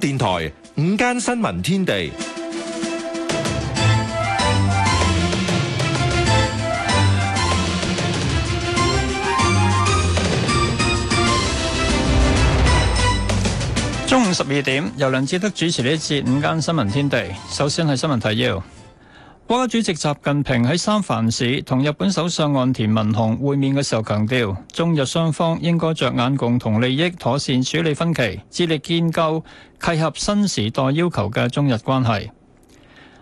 電台午間新聞天地，中午十二點由梁智德主持呢一節午間新聞天地。首先係新聞提要。國家主席習近平喺三藩市同日本首相岸田文雄會面嘅時候強調，中日雙方應該着眼共同利益，妥善處理分歧，致力建構契合新時代要求嘅中日關係。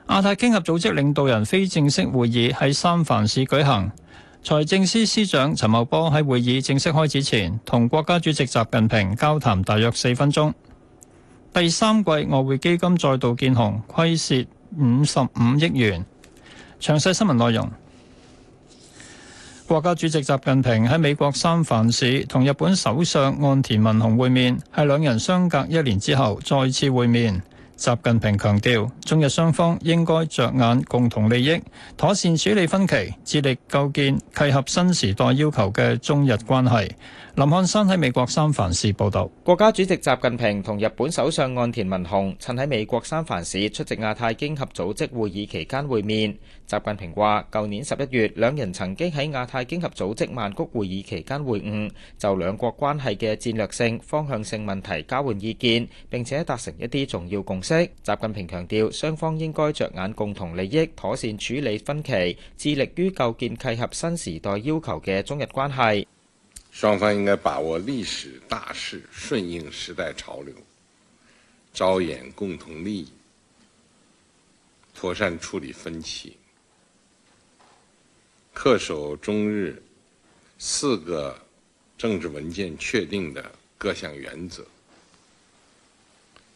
亞太經合組織領導人非正式會議喺三藩市舉行，財政司司長陳茂波喺會議正式開始前同國家主席習近平交談大約四分鐘。第三季外匯基金再度見紅，虧蝕五十五億元。詳細新聞內容，國家主席習近平喺美國三藩市同日本首相岸田文雄會面，係兩人相隔一年之後再次會面。習近平強調，中日雙方應該着眼共同利益，妥善處理分歧，致力構建契合新時代要求嘅中日關係。林漢山喺美國三藩市報道，國家主席習近平同日本首相岸田文雄趁喺美國三藩市出席亞太經合組織會議期間會面。習近平話，舊年十一月，兩人曾經喺亞太經合組織曼谷會議期間會晤，就兩國關係嘅戰略性、方向性問題交換意見，並且達成一啲重要共識。習近平強調，雙方應該着眼共同利益，妥善處理分歧，致力於構建契合新時代要求嘅中日關係。雙方應該把握歷史大勢，順應時代潮流，着眼共同利益，妥善處理分歧，恪守中日四個政治文件確定的各項原則。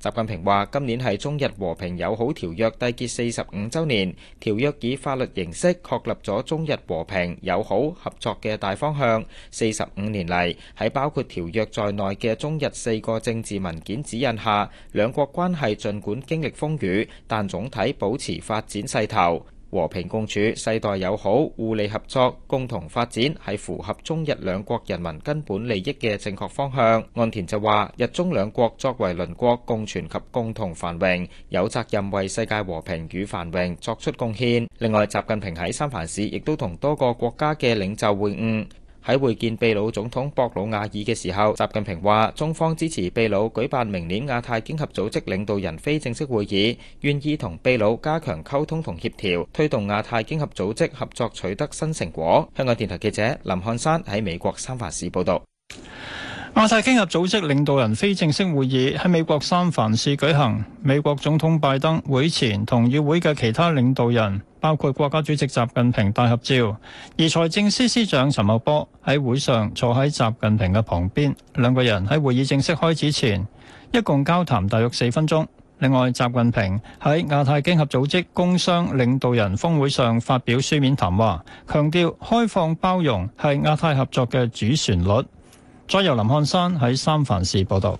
習近平話：今年係中日和平友好條約締結四十五週年，條約以法律形式確立咗中日和平友好合作嘅大方向。四十五年嚟，喺包括條約在內嘅中日四個政治文件指引下，兩國關係儘管經歷風雨，但總體保持發展勢頭。和平共處，世代友好，互利合作，共同發展，係符合中日兩國人民根本利益嘅正確方向。岸田就話，日中兩國作為鄰國，共存及共同繁榮，有責任為世界和平與繁榮作出貢獻。另外，習近平喺三藩市亦都同多個國家的領袖會晤。喺會見秘魯總統博魯瓦爾嘅時候，習近平話：中方支持秘魯舉辦明年亞太經合組織領導人非正式會議，願意同秘魯加強溝通同協調，推動亞太經合組織合作取得新成果。香港電台記者林漢山喺美國三藩市報道。亞太經合組織領導人非正式會議喺美國三藩市舉行，美國總統拜登會前同與會嘅其他領導人包括國家主席習近平大合照，而財政司司長陳茂波喺會上坐喺習近平嘅旁邊，兩個人喺會議正式開始前一共交談大約四分鐘。另外，習近平喺亞太經合組織工商領導人峰會上發表書面談話，強調開放包容係亞太合作嘅主旋律。再由林漢山喺三藩市報道。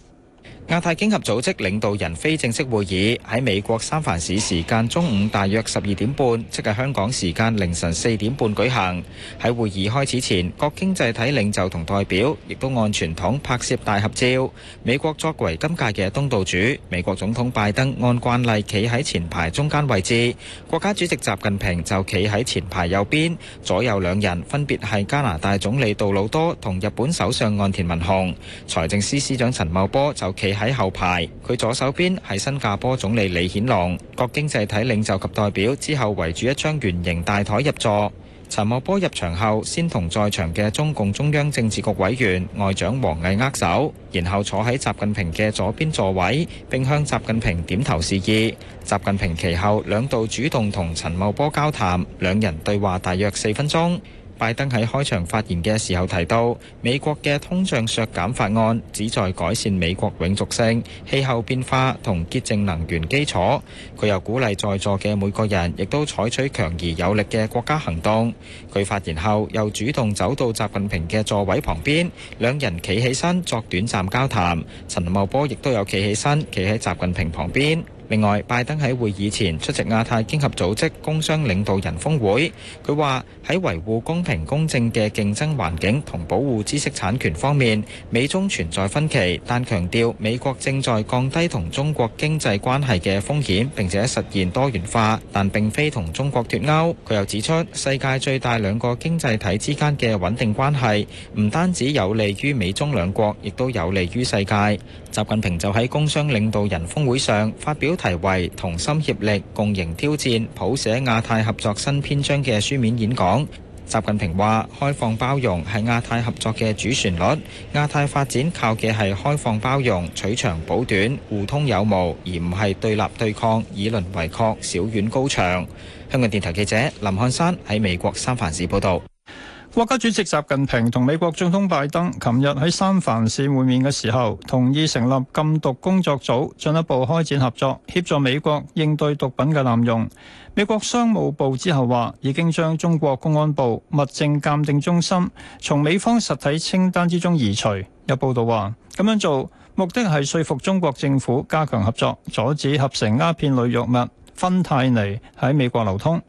亞太經合組織領導人非正式會議喺美國三藩市時間中午大約十二點半，即係香港時間凌晨四點半舉行。喺會議開始前，各經濟體領袖同代表亦都按傳統拍攝大合照。美國作為今屆嘅東道主，美國總統拜登按慣例企喺前排中間位置，國家主席習近平就企喺前排右邊，左右兩人分別係加拿大總理杜魯多同日本首相岸田文雄，財政司司長陳茂波就企。喺後排，佢左手邊係新加坡總理李顯龍。各經濟體領袖及代表之後圍住一張圓形大台入座。陳茂波入場後，先同在場嘅中共中央政治局委員外長王毅握手，然後坐喺習近平嘅左邊座位，並向習近平點頭示意。習近平其後兩度主動同陳茂波交談，兩人對話大約四分鐘。拜登喺開場發言嘅時候提到，美國嘅通脹削減法案旨在改善美國永續性、氣候變化同潔淨能源基礎。佢又鼓勵在座嘅每個人，亦都採取強而有力嘅國家行動。佢發言後又主動走到習近平嘅座位旁邊，兩人企起身作短暫交談。陳茂波亦都有企起身，企喺習近平旁邊。另外，拜登喺會議前出席亞太經合組織工商領導人峯會，佢話喺維護公平公正嘅競爭環境同保護知識產權方面，美中存在分歧，但強調美國正在降低同中國經濟關係嘅風險，並且實現多元化，但並非同中國脱鈎。佢又指出，世界最大兩個經濟體之間嘅穩定關係，唔單止有利於美中兩國，亦都有利於世界。習近平就喺工商領導人峯會上發表提為同心協力、共迎挑戰、譜寫亞太合作新篇章嘅書面演講。習近平話：開放包容係亞太合作嘅主旋律，亞太發展靠嘅係開放包容，取長補短，互通有無，而唔係對立對抗、以鄰為壑、小院高牆。香港電台記者林漢山喺美國三藩市報道。國家主席習近平同美國總統拜登琴日喺三藩市會面嘅時候，同意成立禁毒工作組，進一步開展合作，協助美國應對毒品嘅濫用。美國商務部之後話，已經將中國公安部物證鑑定中心從美方實體清單之中移除。有報道話，咁樣做目的係說服中國政府加強合作，阻止合成鴉片類藥物芬太尼喺美國流通。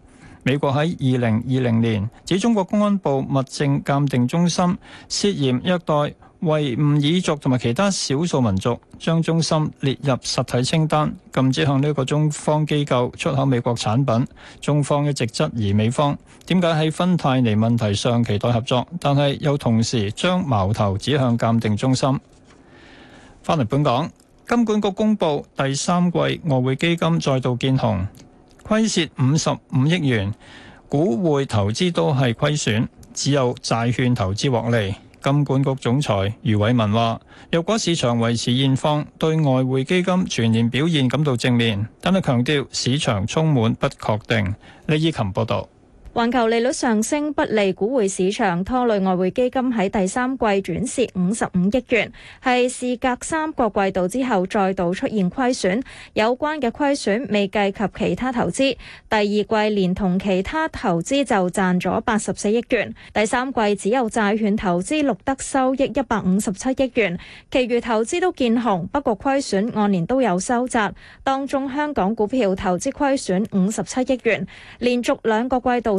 美國喺二零二零年指中國公安部物證鑑定中心涉嫌虐待維吾爾族同埋其他少數民族，將中心列入實體清單，禁止向呢個中方機構出口美國產品。中方一直質疑美方點解喺芬太尼問題上期待合作，但係又同時將矛頭指向鑑定中心。翻嚟本港，金管局公布第三季外匯基金再度見紅。虧蝕五十五億元，股匯投資都係虧損，只有債券投資獲利。金管局總裁余偉文話，若果市場維持現況，對外匯基金全年表現感到正面，但係強調市場充滿不確定。李依琴報道。環球利率上升不利股匯市場，拖累外匯基金喺第三季轉蝕五十五億元，係事隔三個季度之後再度出現虧損。有關嘅虧損未計及其他投資，第二季連同其他投資就賺咗八十四億元，第三季只有債券投資錄得收益一百五十七億元，其余投資都見紅，不過虧損按年都有收窄。當中香港股票投資虧損五十七億元，連續兩個季度。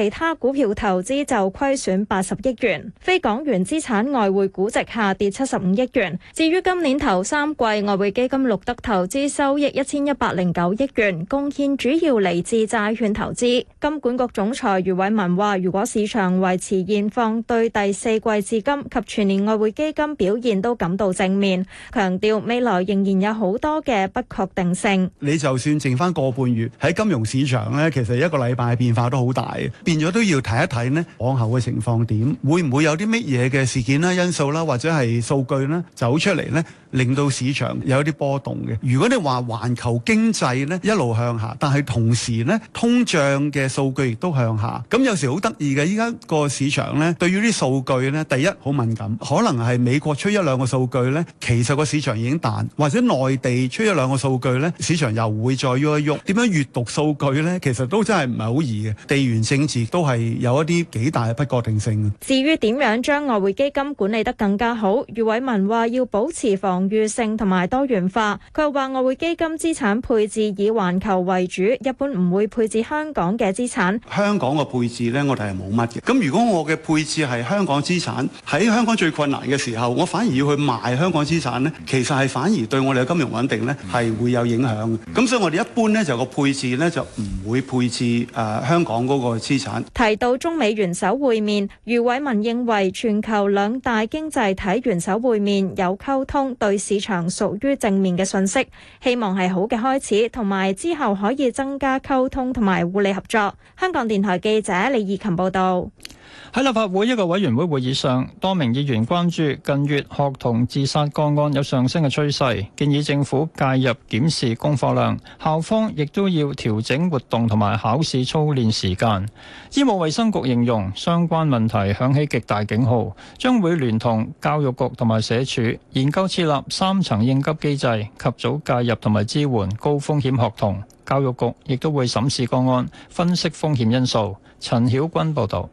其他股票投資就虧損八十億元，非港元資產外匯估值下跌七十五億元。至於今年頭三季外匯基金錄得投資收益一千一百零九億元，貢獻主要嚟自債券投資。金管局總裁余偉文話，如果市場維持現況，對第四季至今及全年外匯基金表現都感到正面，強調未來仍然有好多嘅不確定性。你就算剩返個半月喺金融市場呢，其實一個禮拜嘅變化都好大。變咗都要睇一睇呢往後嘅情況點，會唔會有啲乜嘢嘅事件啦、啊、因素啦、啊，或者係數據呢、啊、走出嚟呢，令到市場有啲波動嘅。如果你話環球經濟呢一路向下，但係同時呢通脹嘅數據亦都向下，咁有時好得意嘅，依家個市場呢對於啲數據呢，第一好敏感，可能係美國出一兩個數據呢，其實個市場已經彈，或者內地出一兩個數據呢，市場又會再喐一喐。點樣閲讀數據呢？其實都真係唔係好易嘅，地緣性。都係有一啲幾大嘅不確定性。至於點樣將外匯基金管理得更加好，余偉文話要保持防禦性同埋多元化。佢話外匯基金資產配置以環球為主，一般唔會配置香港嘅資產。香港嘅配置呢，我哋係冇乜嘅。咁如果我嘅配置係香港資產，喺香港最困難嘅時候，我反而要去賣香港資產呢，其實係反而對我哋嘅金融穩定呢係會有影響。咁所以我哋一般呢，就個配置呢，就唔會配置誒、呃、香港嗰個資。提到中美元首會面，余偉文認為全球兩大經濟體元首會面有溝通，對市場屬於正面嘅信息，希望係好嘅開始，同埋之後可以增加溝通同埋互利合作。香港電台記者李義勤報道。喺立法會一個委員會會議上，多名議員關注近月學童自殺個案有上升嘅趨勢，建議政府介入檢視功課量，校方亦都要調整活動同埋考試操練時間。醫務衛生局形容相關問題響起極大警號，將會聯同教育局同埋社署研究設立三層應急機制，及早介入同埋支援高風險學童。教育局亦都會審視個案，分析風險因素。陳曉君報道。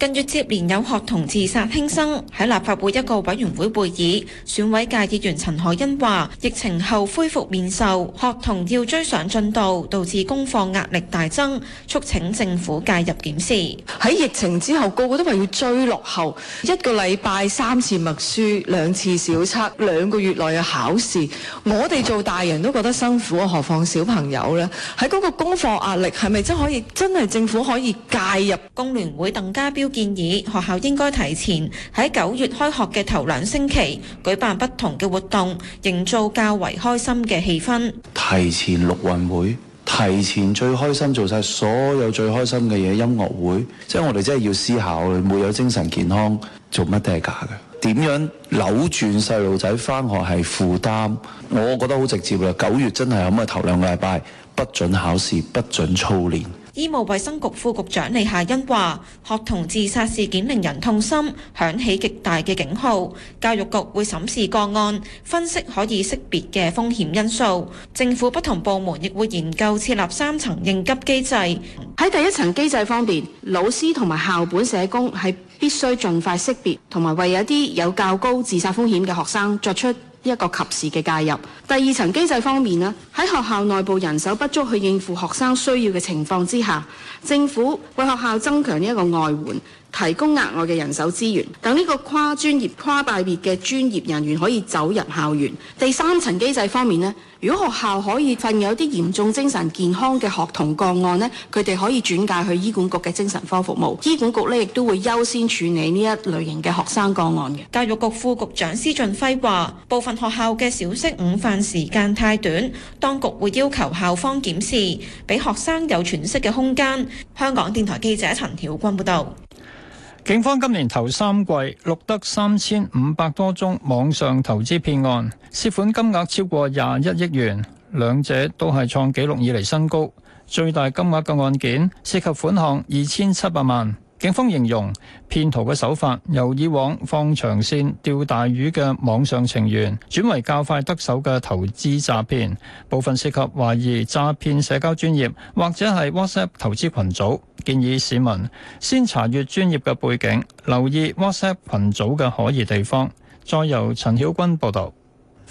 近月接連有學童自殺輕生，喺立法會一個委員會會議，選委界議員陳凱欣話：疫情後恢復面授，學童要追上進度，導致功課壓力大增，促請政府介入檢視。喺疫情之後，個個都話要追落後，一個禮拜三次默書，兩次小測，兩個月內嘅考試，我哋做大人都覺得辛苦啊，何況,小朋友呢？喺嗰個功課壓力，係咪真可以真係政府可以介入？工聯會鄧家彪。建議學校應該提前喺九月開學嘅頭兩星期舉辦不同嘅活動，營造較為開心嘅氣氛。提前陸運會，提前最開心做晒所有最開心嘅嘢，音樂會。即係我哋真係要思考，你冇有精神健康，做乜都係假嘅。點樣扭轉細路仔翻學係負擔？我覺得好直接啦。九月真係咁嘅頭兩個禮拜，不准考試，不准操練。醫務衛生局副局長李夏欣話，學童自殺事件令人痛心，響起極大嘅警號。教育局會審視個案，分析可以識別嘅風險因素。政府不同部門亦會研究設立三層應急機制。喺第一層機制方面，老師同埋校本社工係必須盡快識別，同埋為一啲有較高自殺風險嘅學生作出一個及時嘅介入。第二層機制方面咧，喺學校內部人手不足去應付學生需要嘅情況之下，政府為學校增強呢個外援。提供額外嘅人手資源，等呢個跨專業、跨界別嘅專業人員可以走入校園。第三層機制方面咧，如果學校可以發現有啲嚴重精神健康嘅學童個案咧，佢哋可以轉介去醫管局嘅精神科服務。醫管局咧亦都會優先處理呢一類型嘅學生個案嘅。教育局副局長施俊輝話，部分學校嘅小息午飯時間太短，當局會要求校方檢視，俾學生有喘息嘅空間。香港電台記者陳曉君報導。警方今年頭三季錄得三千五百多宗網上投資騙案，涉款金額超過廿一億元，兩者都係創紀錄以嚟新高。最大金額嘅案件涉及款項二千七百萬。警方形容，騙徒嘅手法由以往放長線釣大魚嘅網上情緣，轉為較快得手嘅投資詐騙，部分涉及懷疑詐騙社交專業或者係 WhatsApp 投資群組。建議市民先查閱專業嘅背景，留意 WhatsApp 群組嘅可疑地方。再由陳曉君報導。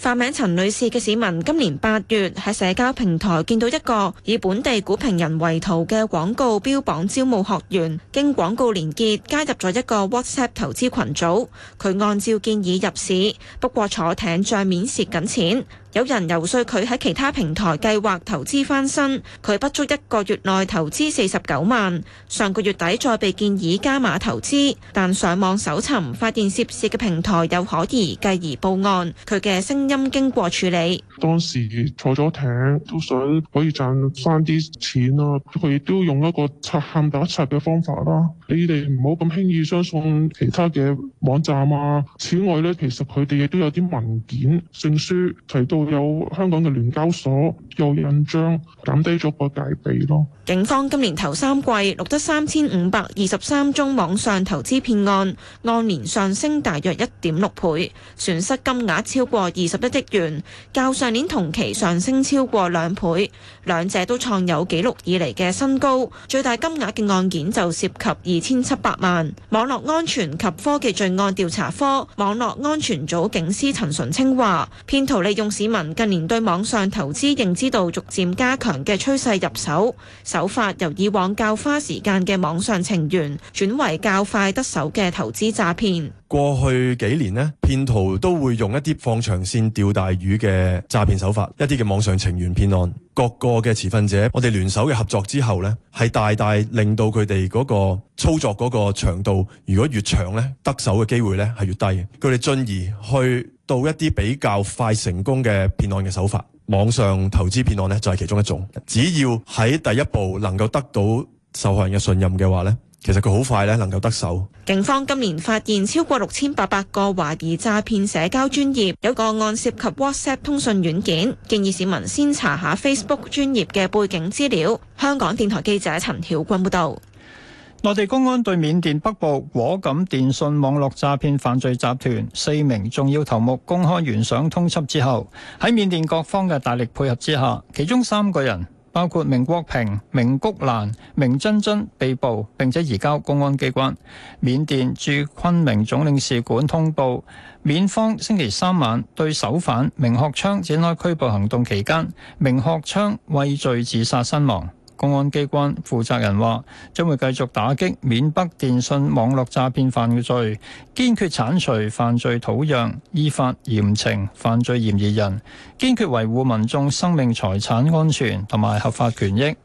化名陳女士嘅市民今年八月喺社交平台見到一個以本地股評人為圖嘅廣告，標榜招募學員。經廣告連結加入咗一個 WhatsApp 投資群組，佢按照建議入市，不過坐艇賬面蝕緊錢。有人游說佢喺其他平台計劃投資翻身，佢不足一個月內投資四十九萬，上個月底再被建議加碼投資，但上網搜尋發現涉事嘅平台又可疑，繼而報案。佢嘅聲音經過處理。當時坐咗艇都想可以賺翻啲錢啊，佢都用一個拆喊打一拆嘅方法啦。你哋唔好咁輕易相信其他嘅網站啊！此外呢，其實佢哋亦都有啲文件、證書，提到有香港嘅聯交所有印章，減低咗個戒備咯。警方今年頭三季錄得三千五百二十三宗網上投資騙案，按年上升大約一點六倍，損失金額超過二十一億元，較上年同期上升超過兩倍，兩者都創有紀錄以嚟嘅新高。最大金額嘅案件就涉及二千七百萬，網絡安全及科技罪案調查科網絡安全組警司陳純清話：，騙徒利用市民近年對網上投資認知度逐漸加強嘅趨勢入手，手法由以往較花時間嘅網上情緣，轉為較快得手嘅投資詐騙。過去幾年呢騙徒都會用一啲放長線釣大魚嘅詐騙手法，一啲嘅網上情緣騙案。各個嘅持份者，我哋聯手嘅合作之後呢係大大令到佢哋嗰個操作嗰個長度，如果越長呢得手嘅機會呢係越低。佢哋進而去到一啲比較快成功嘅騙案嘅手法，網上投資騙案呢，就係其中一種。只要喺第一步能夠得到受害人嘅信任嘅話呢。其實佢好快咧，能夠得手。警方今年發現超過六千八百個懷疑詐騙社交專業，有個案涉及 WhatsApp 通訊軟件，建議市民先查下 Facebook 專業嘅背景資料。香港電台記者陳曉君報道。內地公安對緬甸北部果敢電信網絡詐騙犯罪集團四名重要頭目公開懸賞通緝之後，喺緬甸各方嘅大力配合之下，其中三個人。包括明國平、明菊蘭、明珍珍被捕，並且移交公安機關。緬甸駐昆明總領事館通報，緬方星期三晚對首犯明學昌展開拘捕行動期間，明學昌畏罪自殺身亡。公安機關負責人話，將會繼續打擊緬北電信網絡詐騙犯罪，堅決鏟除犯罪土壤，依法嚴懲犯罪嫌疑人，堅決維護民眾生命財產安全同埋合法權益。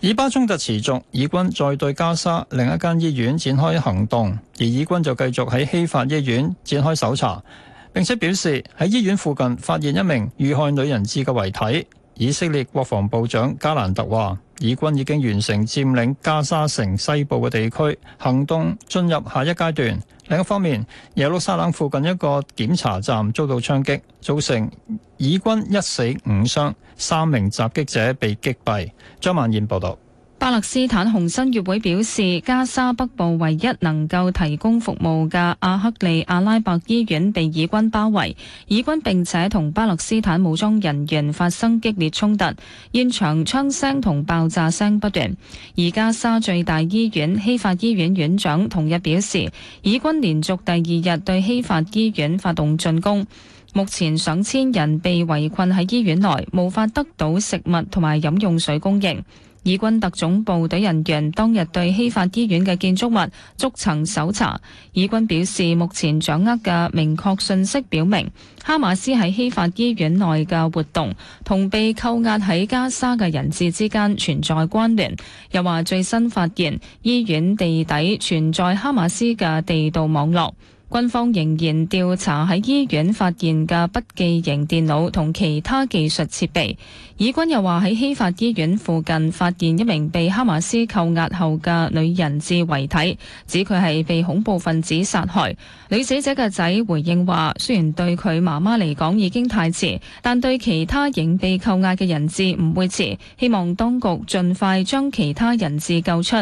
以巴衝突持續，以軍再對加沙另一間醫院展開行動，而以軍就繼續喺希法醫院展開搜查，並且表示喺醫院附近發現一名遇害女人質嘅遺體。以色列國防部長加蘭特話，以軍已經完成佔領加沙城西部嘅地區，行動進入下一階段。另一方面，耶路撒冷附近一個檢查站遭到槍擊，造成以軍一死五傷，三名襲擊者被擊斃。張曼燕報導。巴勒斯坦紅新月會表示，加沙北部唯一能夠提供服務嘅阿克利阿拉伯醫院被以軍包圍，以軍並且同巴勒斯坦武裝人員發生激烈衝突，現場槍聲同爆炸聲不斷。而加沙最大醫院希法醫院院長，同日表示，以軍連續第二日對希法醫院發動進攻，目前上千人被圍困喺醫院內，無法得到食物同埋飲用水供應。以軍特種部隊人員當日對希法醫院嘅建築物逐層搜查。以軍表示，目前掌握嘅明確信息表明，哈馬斯喺希法醫院內嘅活動同被扣押喺加沙嘅人質之間存在關聯。又話最新發現，醫院地底存在哈馬斯嘅地道網絡。軍方仍然調查喺醫院發現嘅筆記型電腦同其他技術設備。以軍又話喺希法醫院附近發現一名被哈馬斯扣押後嘅女人質遺體，指佢係被恐怖分子殺害。女死者嘅仔回應話：雖然對佢媽媽嚟講已經太遲，但對其他仍被扣押嘅人質唔會遲。希望當局盡快將其他人質救出。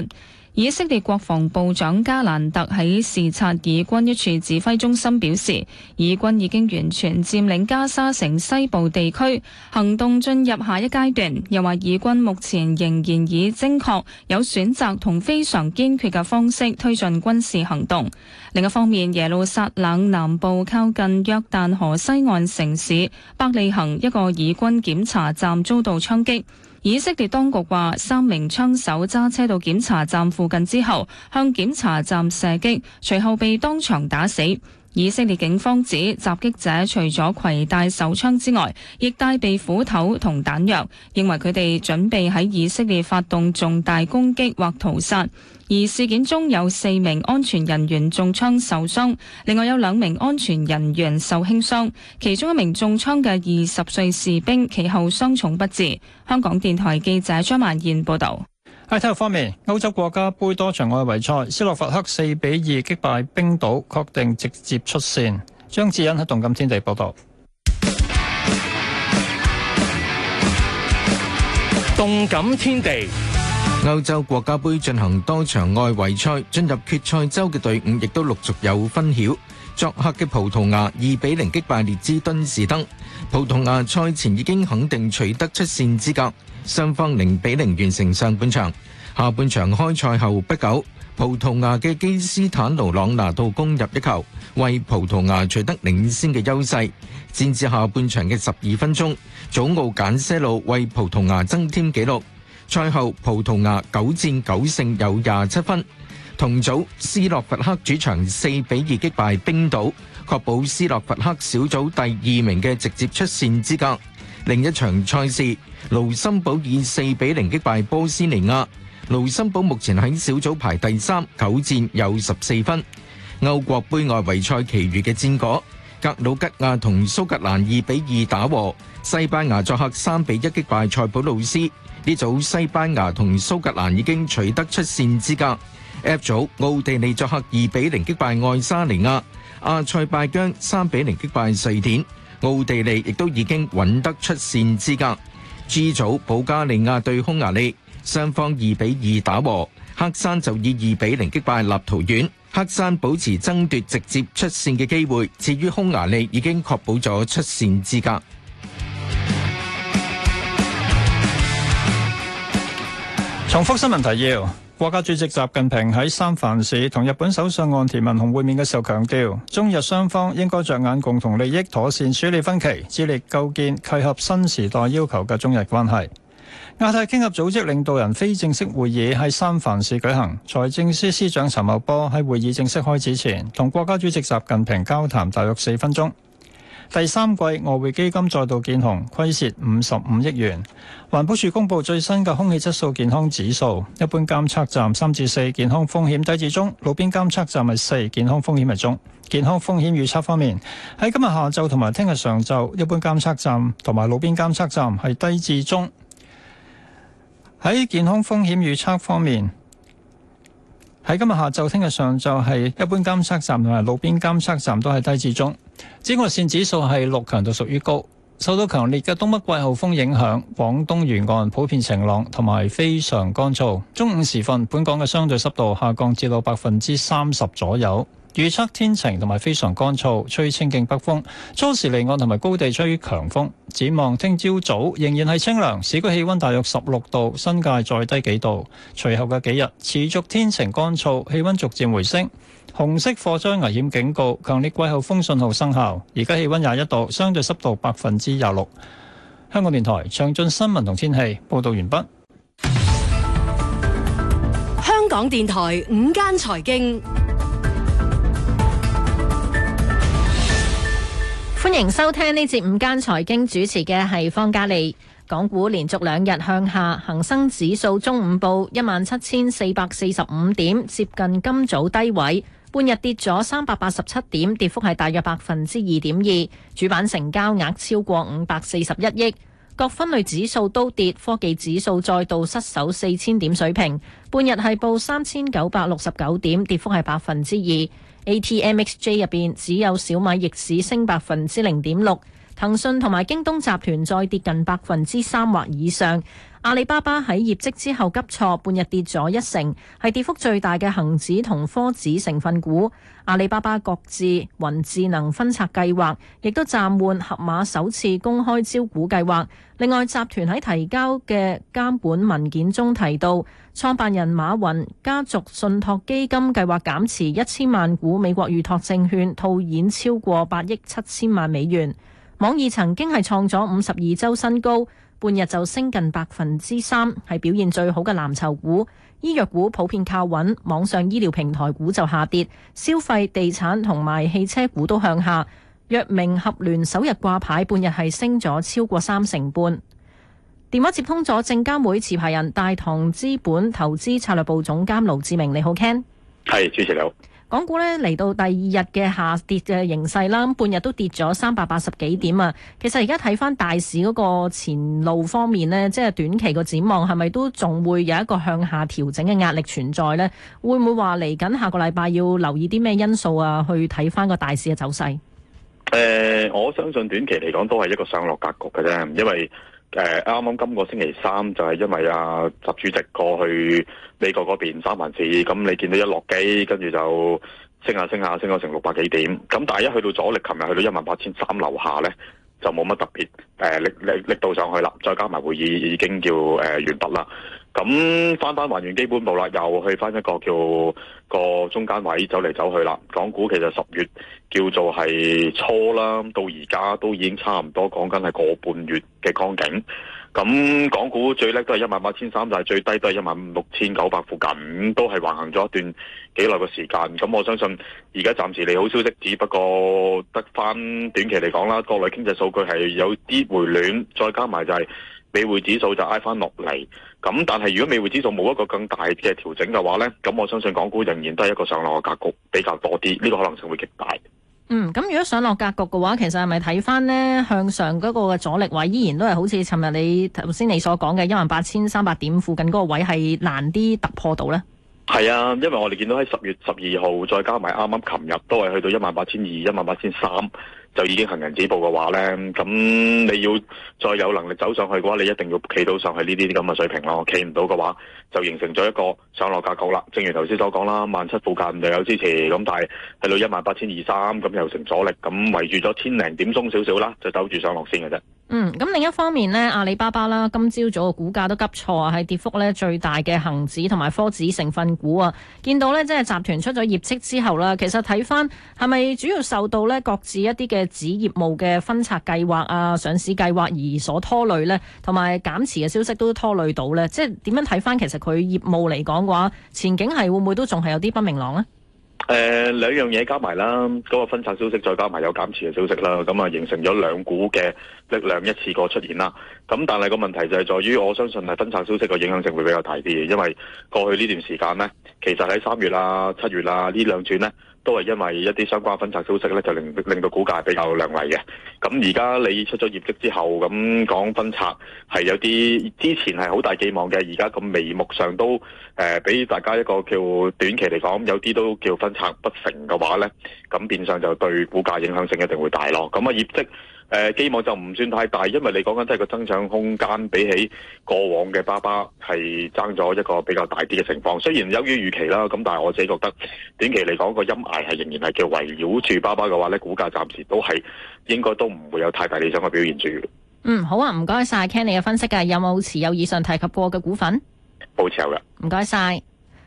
以色列國防部長加蘭特喺視察以軍一處指揮中心表示，以軍已經完全占領加沙城西部地區，行動進入下一階段。又話以軍目前仍然以精確、有選擇同非常堅決嘅方式推進軍事行動。另一方面，耶路撒冷南部靠近約旦河西岸城市伯利恆一個以軍檢查站遭到槍擊。以色列當局話，三名槍手揸車到檢查站附近之後，向檢查站射擊，隨後被當場打死。以色列警方指，襲擊者除咗攜帶手槍之外，亦帶備斧頭同彈藥，認為佢哋準備喺以色列發動重大攻擊或屠殺。而事件中有四名安全人員中槍受傷，另外有兩名安全人員受輕傷，其中一名中槍嘅二十歲士兵其後傷重不治。香港電台記者張萬燕報導。喺體育方面，歐洲國家杯多場外圍賽，斯洛伐克四比二擊敗冰島，確定直接出線。張志恩喺動感天地報道。動感天地，歐洲國家杯進行多場外圍賽，進入決賽周嘅隊伍亦都陸續有分曉。作客嘅葡萄牙二比零擊敗列支敦士登，葡萄牙賽前已經肯定取得出線資格。雙方零比零完成上半場，下半場開賽後不久，葡萄牙嘅基斯坦奴朗拿度攻入一球，為葡萄牙取得領先嘅優勢。戰至下半場嘅十二分鐘，祖奧簡些路為葡萄牙增添紀錄。賽後，葡萄牙九戰九勝，有廿七分。同組，斯洛伐克主場四比二擊敗冰島，確保斯洛伐克小組第二名嘅直接出線資格。另一場賽事，盧森堡以四比零擊敗波斯尼亞。盧森堡目前喺小組排第三，九戰有十四分。歐國杯外圍賽其餘嘅戰果，格魯吉亞同蘇格蘭二比二打和；西班牙作客三比一擊敗塞浦路斯。呢組西班牙同蘇格蘭已經取得出線資格。F 組奧地利作客二比零擊敗愛沙尼亞，阿塞拜疆三比零擊敗瑞典。奧地利亦都已經穩得出線資格。G 組保加利亞對匈牙利，雙方二比二打和。黑山就以二比零擊敗立陶宛，黑山保持爭奪直接出線嘅機會。至於匈牙利已經確保咗出線資格。重複新聞提要。國家主席習近平喺三藩市同日本首相岸田文雄會面嘅時候強調，中日雙方應該着眼共同利益，妥善處理分歧，致力構建契合新時代要求嘅中日關係。亞太經合組織領導人非正式會議喺三藩市舉行，財政司司長陳茂波喺會議正式開始前同國家主席習近平交談大約四分鐘。第三季外匯基金再度見紅，虧蝕五十五億元。環保署公布最新嘅空氣質素健康指數，一般監測站三至四，健康風險低至中；路邊監測站係四，健康風險係中。健康風險預測方面，喺今日下晝同埋聽日上晝，一般監測站同埋路邊監測站係低至中。喺健康風險預測方面，喺今日下晝、聽日上晝，係一般監測站同埋路邊監測站都係低至中。紫外線指數係六，強度，屬於高。受到強烈嘅東北季候風影響，廣東沿岸普遍晴朗同埋非常乾燥。中午時分，本港嘅相對濕度下降至到百分之三十左右。預測天晴同埋非常乾燥，吹清勁北風，初時離岸同埋高地吹強風。展望聽朝早，早仍然係清涼，市區氣溫大約十六度，新界再低幾度。隨後嘅幾日持續天晴乾燥，氣溫逐漸回升。紅色火災危險警告，強烈季候風信號生效。而家氣溫廿一度，相對濕度百分之廿六。香港電台詳盡新聞同天氣報道完畢。香港電台午間財經，歡迎收聽呢節午間財經，主持嘅係方嘉利。港股連續兩日向下，恒生指數中午報一萬七千四百四十五點，接近今早低位。半日跌咗三百八十七點，跌幅係大約百分之二點二。主板成交額超過五百四十一億，各分類指數都跌，科技指數再度失守四千點水平。半日係報三千九百六十九點，跌幅係百分之二。ATMXJ 入面只有小米逆市升百分之零點六。騰訊同埋京東集團再跌近百分之三或以上，阿里巴巴喺業績之後急挫，半日跌咗一成，係跌幅最大嘅恒指同科指成分股。阿里巴巴擱置雲智能分拆計劃，亦都暫緩盒馬首次公開招股計劃。另外，集團喺提交嘅監管文件中提到，創辦人馬雲家族信託基金計劃減持一千萬股美國預託證券，套現超過八億七千萬美元。網易曾經係創咗五十二周新高，半日就升近百分之三，係表現最好嘅藍籌股。醫藥股普遍靠穩，網上醫療平台股就下跌，消費、地產同埋汽車股都向下。藥明合聯首日掛牌，半日係升咗超過三成半。電話接通咗證監會持牌人大堂資本投資策略部總監盧志明，你好，Ken。係，主持你好。港股咧嚟到第二日嘅下跌嘅形勢啦，半日都跌咗三百八十幾點啊。其實而家睇翻大市嗰個前路方面呢，即係短期個展望係咪都仲會有一個向下調整嘅壓力存在呢？會唔會話嚟緊下個禮拜要留意啲咩因素啊？去睇翻個大市嘅走勢？誒，呃，我相信短期嚟講都係一個上落格局嘅啫，因為。誒啱啱今個星期三就係因為阿習主席過去美國嗰邊三藩市，咁你見到一落機，跟住就升下升下，升咗成六百幾點，咁但係一去到阻力，琴日去到一萬八千三樓下呢，就冇乜特別，誒、呃、力力到上去啦，再加埋會議已經叫誒、呃、完畢啦。咁翻翻還原基本步啦，又去翻一個叫一個中間位走嚟走去啦。港股其實十月叫做係初啦，到而家都已經差唔多講緊係個半月嘅光景。咁、嗯、港股最叻都係一萬八千三，但係最低都係一萬六千九百附近，都係橫行咗一段幾耐嘅時間。咁、嗯嗯、我相信而家暫時利好消息，只不過得翻短期嚟講啦。國內經濟數據係有啲回暖，再加埋就係美匯指數就挨翻落嚟。咁，但係如果美匯指數冇一個更大嘅調整嘅話呢，咁我相信港股仍然都係一個上落嘅格局比較多啲，呢個可能性會極大。嗯，咁如果上落格局嘅話，其實係咪睇翻呢向上嗰個嘅阻力位依然都係好似尋日你頭先你所講嘅一萬八千三百點附近嗰個位係難啲突破到呢？係啊，因為我哋見到喺十月十二號再加埋啱啱琴日都係去到一萬八千二、一萬八千三。就已經行人止步嘅話呢，咁你要再有能力走上去嘅話，你一定要企到上去呢啲咁嘅水平咯。企唔到嘅話，就形成咗一個上落格局啦。正如頭先所講啦，萬七附近就有支持，咁但係去到一萬八千二三咁又成阻力，咁圍住咗千零點鐘少少啦，就守住上落線嘅啫。嗯，咁另一方面咧，阿里巴巴啦，今朝早嘅股價都急挫，係跌幅咧最大嘅恒指同埋科指成分股啊，見到咧即係集團出咗業績之後啦，其實睇翻係咪主要受到咧各自一啲嘅子業務嘅分拆計劃啊、上市計劃而所拖累呢？同埋減持嘅消息都拖累到呢？即係點樣睇翻其實佢業務嚟講嘅話，前景係會唔會都仲係有啲不明朗呢？誒、呃，兩樣嘢加埋啦，嗰、那個分拆消息再加埋有減持嘅消息啦，咁啊形成咗兩股嘅力量一次過出現啦。咁但係個問題就係在於，我相信係分拆消息個影響性會比較大啲嘅，因為過去呢段時間呢，其實喺三月啊、七月啊呢兩轉呢。都係因為一啲相關分拆消息咧，就令令到股價比較亮麗嘅。咁而家你出咗業績之後，咁講分拆係有啲之前係好大寄望嘅，而家咁眉目上都誒俾、呃、大家一個叫短期嚟講有啲都叫分拆不成嘅話咧，咁變相就對股價影響性一定會大咯。咁啊業績。誒，期望、呃、就唔算太大，因為你講緊都係個增長空間，比起過往嘅巴巴係爭咗一個比較大啲嘅情況。雖然優於預期啦，咁但係我自己覺得短期嚟講，個陰霾係仍然係叫圍繞住巴巴嘅話呢，股價暫時都係應該都唔會有太大理想嘅表現住。嗯，好啊，唔該晒。Kenny 嘅分析嘅，有冇持有以上提及過嘅股份？冇持有嘅，唔該晒。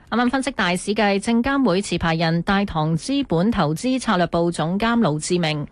啱啱分析大市嘅證監會持牌人大唐資本投資策略部總監盧志明。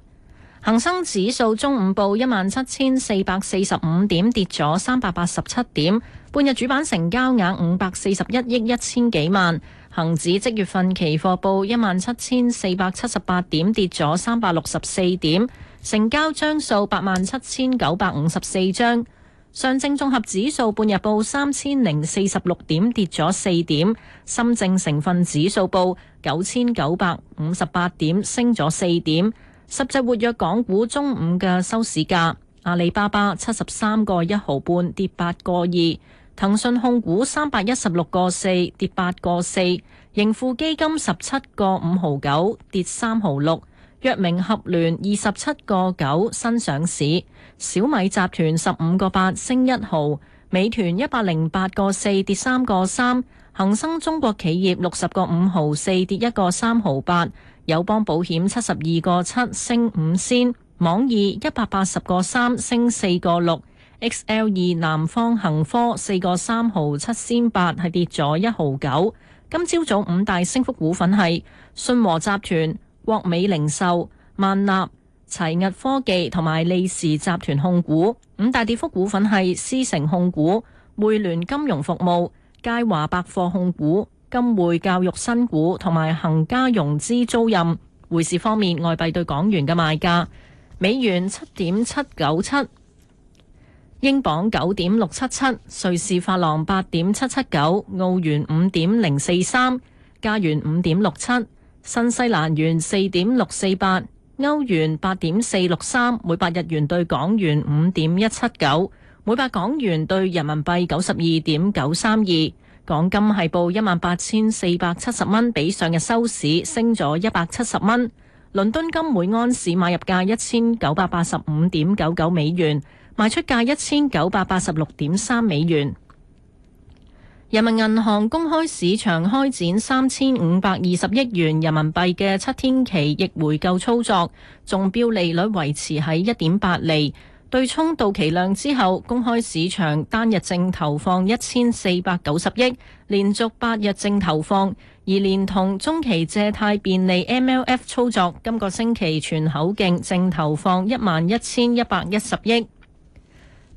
恒生指數中午報一萬七千四百四十五點，跌咗三百八十七點。半日主板成交額五百四十一億一千幾萬。恒指即月份期貨報一萬七千四百七十八點，跌咗三百六十四點，成交張數八萬七千九百五十四張。上證綜合指數半日報三千零四十六點，跌咗四點。深證成分指數報九千九百五十八點，升咗四點。十隻活躍港股中午嘅收市價：阿里巴巴七十三個一毫半，跌八個二；騰訊控股三百一十六個四，跌八個四；盈富基金十七個五毫九，跌三毫六；藥明合聯二十七個九，新上市；小米集團十五個八，升一毫；美團一百零八個四，跌三個三；恒生中國企業六十個五毫四，跌一個三毫八。友邦保險七十二個七升五仙，網易一百八十個三升四個六，X L 二南方恒科四個三毫七仙八係跌咗一毫九。今朝早，早五大升幅股份係信和集團、國美零售、萬納、齊屹科技同埋利時集團控股。五大跌幅股份係思城控股、匯聯金融服務、佳華百貨控股。金匯教育新股同埋恒嘉融資租賃。匯市方面，外幣對港元嘅賣價：美元七點七九七，英鎊九點六七七，瑞士法郎八點七七九，澳元五點零四三，加元五點六七，新西蘭元四點六四八，歐元八點四六三，每百日元對港元五點一七九，每百港元對人民幣九十二點九三二。港金係報一萬八千四百七十蚊，比上日收市升咗一百七十蚊。倫敦金每安士買入價一千九百八十五點九九美元，賣出價一千九百八十六點三美元。人民銀行公開市場開展三千五百二十億元人民幣嘅七天期逆回購操作，中標利率維持喺一點八厘。對沖到期量之後，公開市場單日淨投放一千四百九十億，連續八日淨投放。而連同中期借貸便利 MLF 操作，今個星期全口徑淨投放一萬一千一百一十億。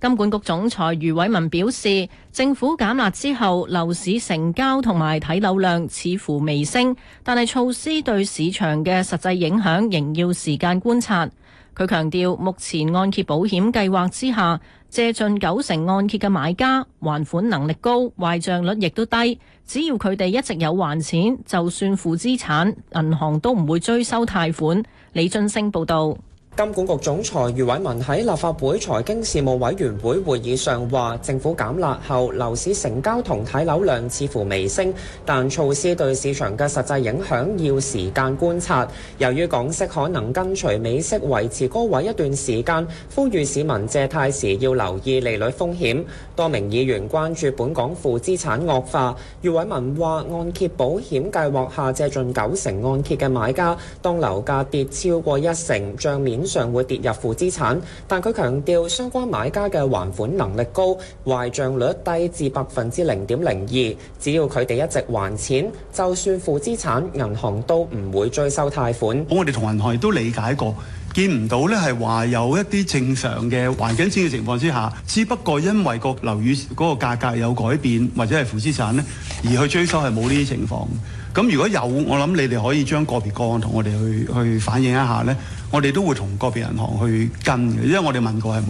金管局總裁余偉文表示，政府減壓之後，樓市成交同埋睇樓量似乎微升，但係措施對市場嘅實際影響仍要時間觀察。佢強調，目前按揭保險計劃之下，借盡九成按揭嘅買家還款能力高，壞賬率亦都低。只要佢哋一直有還錢，就算負資產，銀行都唔會追收貸款。李俊升報導。金管局總裁余偉文喺立法會財經事務委員會會議上話，政府減辣後樓市成交同睇樓量似乎微升，但措施對市場嘅實際影響要時間觀察。由於港息可能跟隨美息維持高位一段時間，呼籲市民借貸時要留意利率風險。多名議員關注本港負資產惡化，余偉文話按揭保險計劃下借進九成按揭嘅買家，當樓價跌超過一成，賬面上會跌入負資產，但佢強調相關買家嘅還款能力高，壞賬率低至百分之零點零二。只要佢哋一直還錢，就算負資產，銀行都唔會追收貸款。咁我哋同銀行都理解過，見唔到呢係話有一啲正常嘅還緊錢嘅情況之下，只不過因為個樓宇嗰個價格有改變，或者係負資產呢而去追收，係冇呢啲情況。咁如果有，我諗你哋可以將個別個案同我哋去去反映一下呢。我哋都會同個別銀行去跟嘅，因為我哋問過係冇。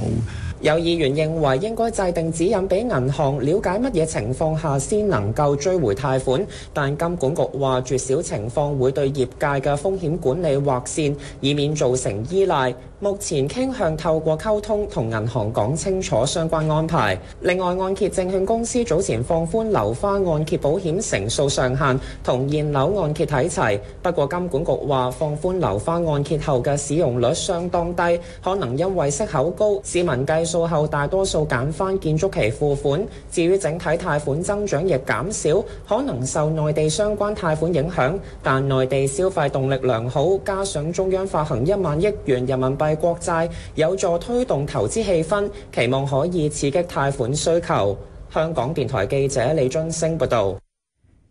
有議員認為應該制定指引俾銀行，了解乜嘢情況下先能夠追回貸款，但金管局話絕少情況會對業界嘅風險管理劃線，以免造成依賴。目前傾向透過溝通同銀行講清楚相關安排。另外，按揭證券公司早前放寬樓花按揭保險成數上限，同現樓按揭睇齊。不過，金管局話放寬樓花按揭後嘅使用率相當低，可能因為息口高，市民計數後大多數揀返建築期付款。至於整體貸款增長亦減少，可能受內地相關貸款影響。但內地消費動力良好，加上中央發行一萬億元人民幣係國債有助推動投資氣氛，期望可以刺激貸款需求。香港電台記者李晉升報道，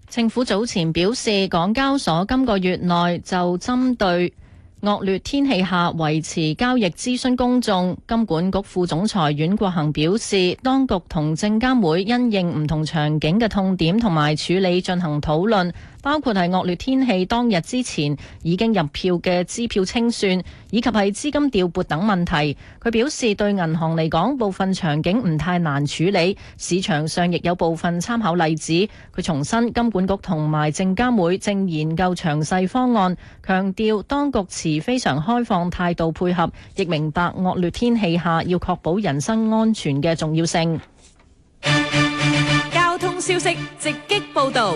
政府早前表示，港交所今個月內就針對惡劣天氣下維持交易諮詢公眾。金管局副總裁阮國恒表示，當局同證監會因應唔同場景嘅痛點同埋處理進行討論。包括係惡劣天氣當日之前已經入票嘅支票清算，以及係資金調撥等問題。佢表示對銀行嚟講，部分場景唔太難處理，市場上亦有部分參考例子。佢重申，金管局同埋證監會正研究詳細方案，強調當局持非常開放態度配合，亦明白惡劣天氣下要確保人身安全嘅重要性。交通消息直擊報導。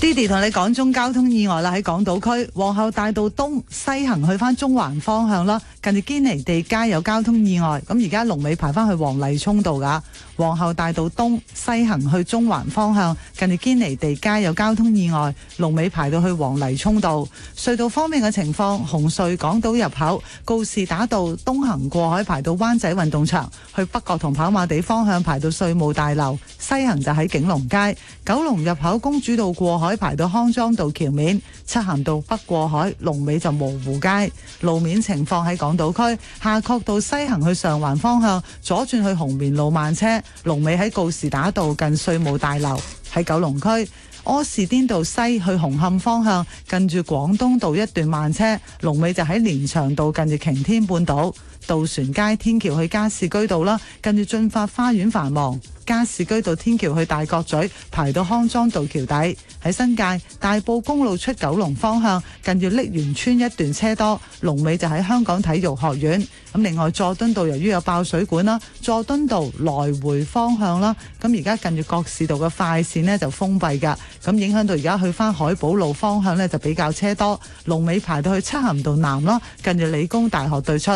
Didi 同你講中交通意外啦，喺港島區皇后大道東西行去翻中環方向啦，近住堅尼地街有交通意外，咁而家龍尾排翻去黃泥涌道噶。皇后大道東西行去中環方向，近住堅尼地街有交通意外，龍尾排到去黃泥涌道。隧道方面嘅情況，紅隧港島入口告士打道東行過海排到灣仔運動場，去北角同跑馬地方向排到稅務大樓；西行就喺景隆街、九龍入口公主道過海排到康莊道橋面，漆咸道北過海龍尾就蕪湖街。路面情況喺港島區夏慤道西行去上環方向，左轉去紅棉路慢車。龍尾喺告士打道近稅務大樓，喺九龍區柯士甸道西去紅磡方向，近住廣東道一段慢車，龍尾就喺連翔道近住擎天半島。渡船街天橋去加士居道啦，跟住進發花園，繁忙加士居道天橋去大角咀排到康莊道橋底。喺新界大埔公路出九龍方向，近住瀝源村一段車多，龍尾就喺香港體育學院。咁另外佐敦道由於有爆水管啦，佐敦道來回方向啦，咁而家近住覺士道嘅快線呢就封閉㗎，咁影響到而家去返海寶路方向呢就比較車多，龍尾排到去漆咸道南咯，近住理工大學對出。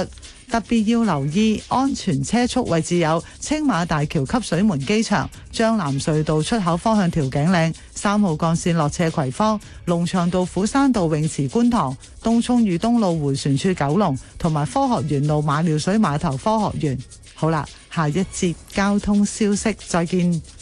特別要留意安全車速位置有青馬大橋、汲水門機場、將藍隧道出口方向頸、調景嶺、三號幹線落斜葵芳、龍翔道、虎山道泳池、觀塘、東涌裕東路回旋處九龍、九龍同埋科學園路馬料水碼頭科學園。好啦，下一節交通消息，再見。